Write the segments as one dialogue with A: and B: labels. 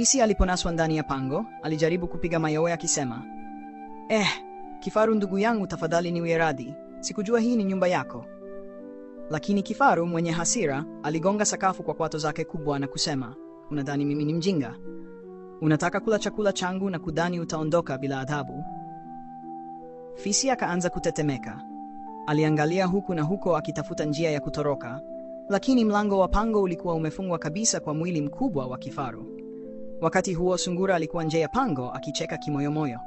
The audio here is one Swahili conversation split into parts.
A: Fisi aliponaswa ndani ya pango, alijaribu kupiga mayowe akisema, eh, kifaru ndugu yangu, tafadhali niwie radhi, sikujua hii ni nyumba yako. Lakini kifaru mwenye hasira aligonga sakafu kwa kwato zake kubwa na kusema, unadhani mimi ni mjinga? Unataka kula chakula changu na kudhani utaondoka bila adhabu? Fisi akaanza kutetemeka. Aliangalia huku na huko akitafuta njia ya kutoroka, lakini mlango wa pango ulikuwa umefungwa kabisa kwa mwili mkubwa wa kifaru. Wakati huo sungura alikuwa nje ya pango akicheka kimoyomoyo.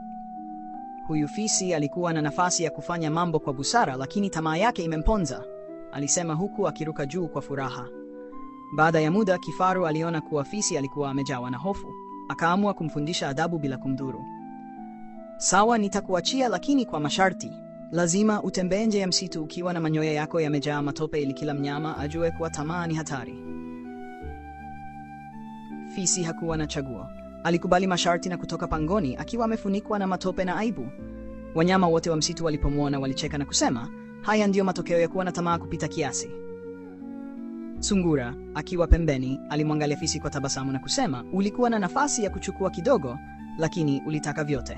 A: Huyu fisi alikuwa na nafasi ya kufanya mambo kwa busara, lakini tamaa yake imemponza, alisema huku akiruka juu kwa furaha. Baada ya muda, kifaru aliona kuwa fisi alikuwa amejawa na hofu, akaamua kumfundisha adabu bila kumdhuru. Sawa, nitakuachia, lakini kwa masharti. Lazima utembee nje ya msitu ukiwa na manyoya yako yamejaa matope, ili kila mnyama ajue kuwa tamaa ni hatari. Fisi hakuwa na chaguo, alikubali masharti na kutoka pangoni akiwa amefunikwa na matope na aibu. Wanyama wote wa msitu walipomwona walicheka na kusema, haya ndiyo matokeo ya kuwa na tamaa kupita kiasi. Sungura akiwa pembeni alimwangalia Fisi kwa tabasamu na kusema, ulikuwa na nafasi ya kuchukua kidogo, lakini ulitaka vyote.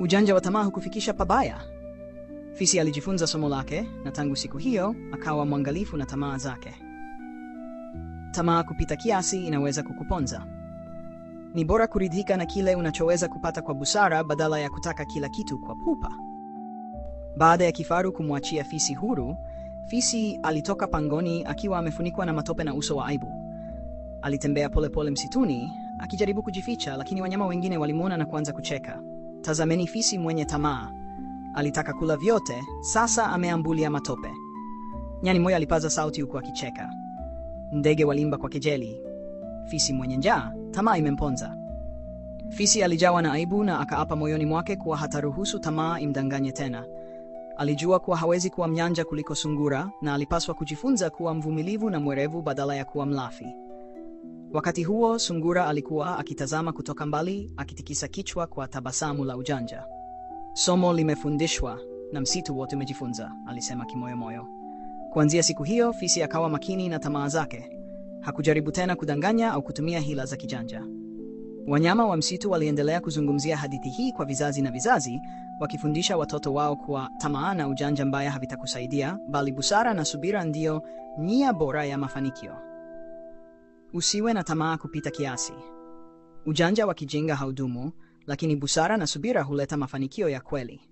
A: Ujanja wa tamaa hukufikisha pabaya. Fisi alijifunza somo lake na tangu siku hiyo akawa mwangalifu na tamaa zake. Tamaa kupita kiasi inaweza kukuponza. Ni bora kuridhika na kile unachoweza kupata kwa busara badala ya kutaka kila kitu kwa pupa. Baada ya kifaru kumwachia fisi huru, fisi alitoka pangoni akiwa amefunikwa na matope na uso wa aibu. Alitembea polepole pole msituni akijaribu kujificha, lakini wanyama wengine walimwona na kuanza kucheka. Tazameni fisi mwenye tamaa, alitaka kula vyote, sasa ameambulia matope. Nyani moyo alipaza sauti huku akicheka. Ndege walimba kwa kejeli. Fisi mwenye njaa, tamaa imemponza. Fisi alijawa na aibu na akaapa moyoni mwake kuwa hataruhusu tamaa imdanganye tena. Alijua kuwa hawezi kuwa mnyanja kuliko sungura na alipaswa kujifunza kuwa mvumilivu na mwerevu badala ya kuwa mlafi. Wakati huo sungura alikuwa akitazama kutoka mbali, akitikisa kichwa kwa tabasamu la ujanja. Somo limefundishwa na msitu wote umejifunza, alisema kimoyomoyo. Kuanzia siku hiyo, fisi akawa makini na tamaa zake. Hakujaribu tena kudanganya au kutumia hila za kijanja. Wanyama wa msitu waliendelea kuzungumzia hadithi hii kwa vizazi na vizazi, wakifundisha watoto wao kuwa tamaa na ujanja mbaya havitakusaidia, bali busara na subira ndiyo njia bora ya mafanikio. Usiwe na tamaa kupita kiasi. Ujanja wa kijinga haudumu, lakini busara na subira huleta mafanikio ya kweli.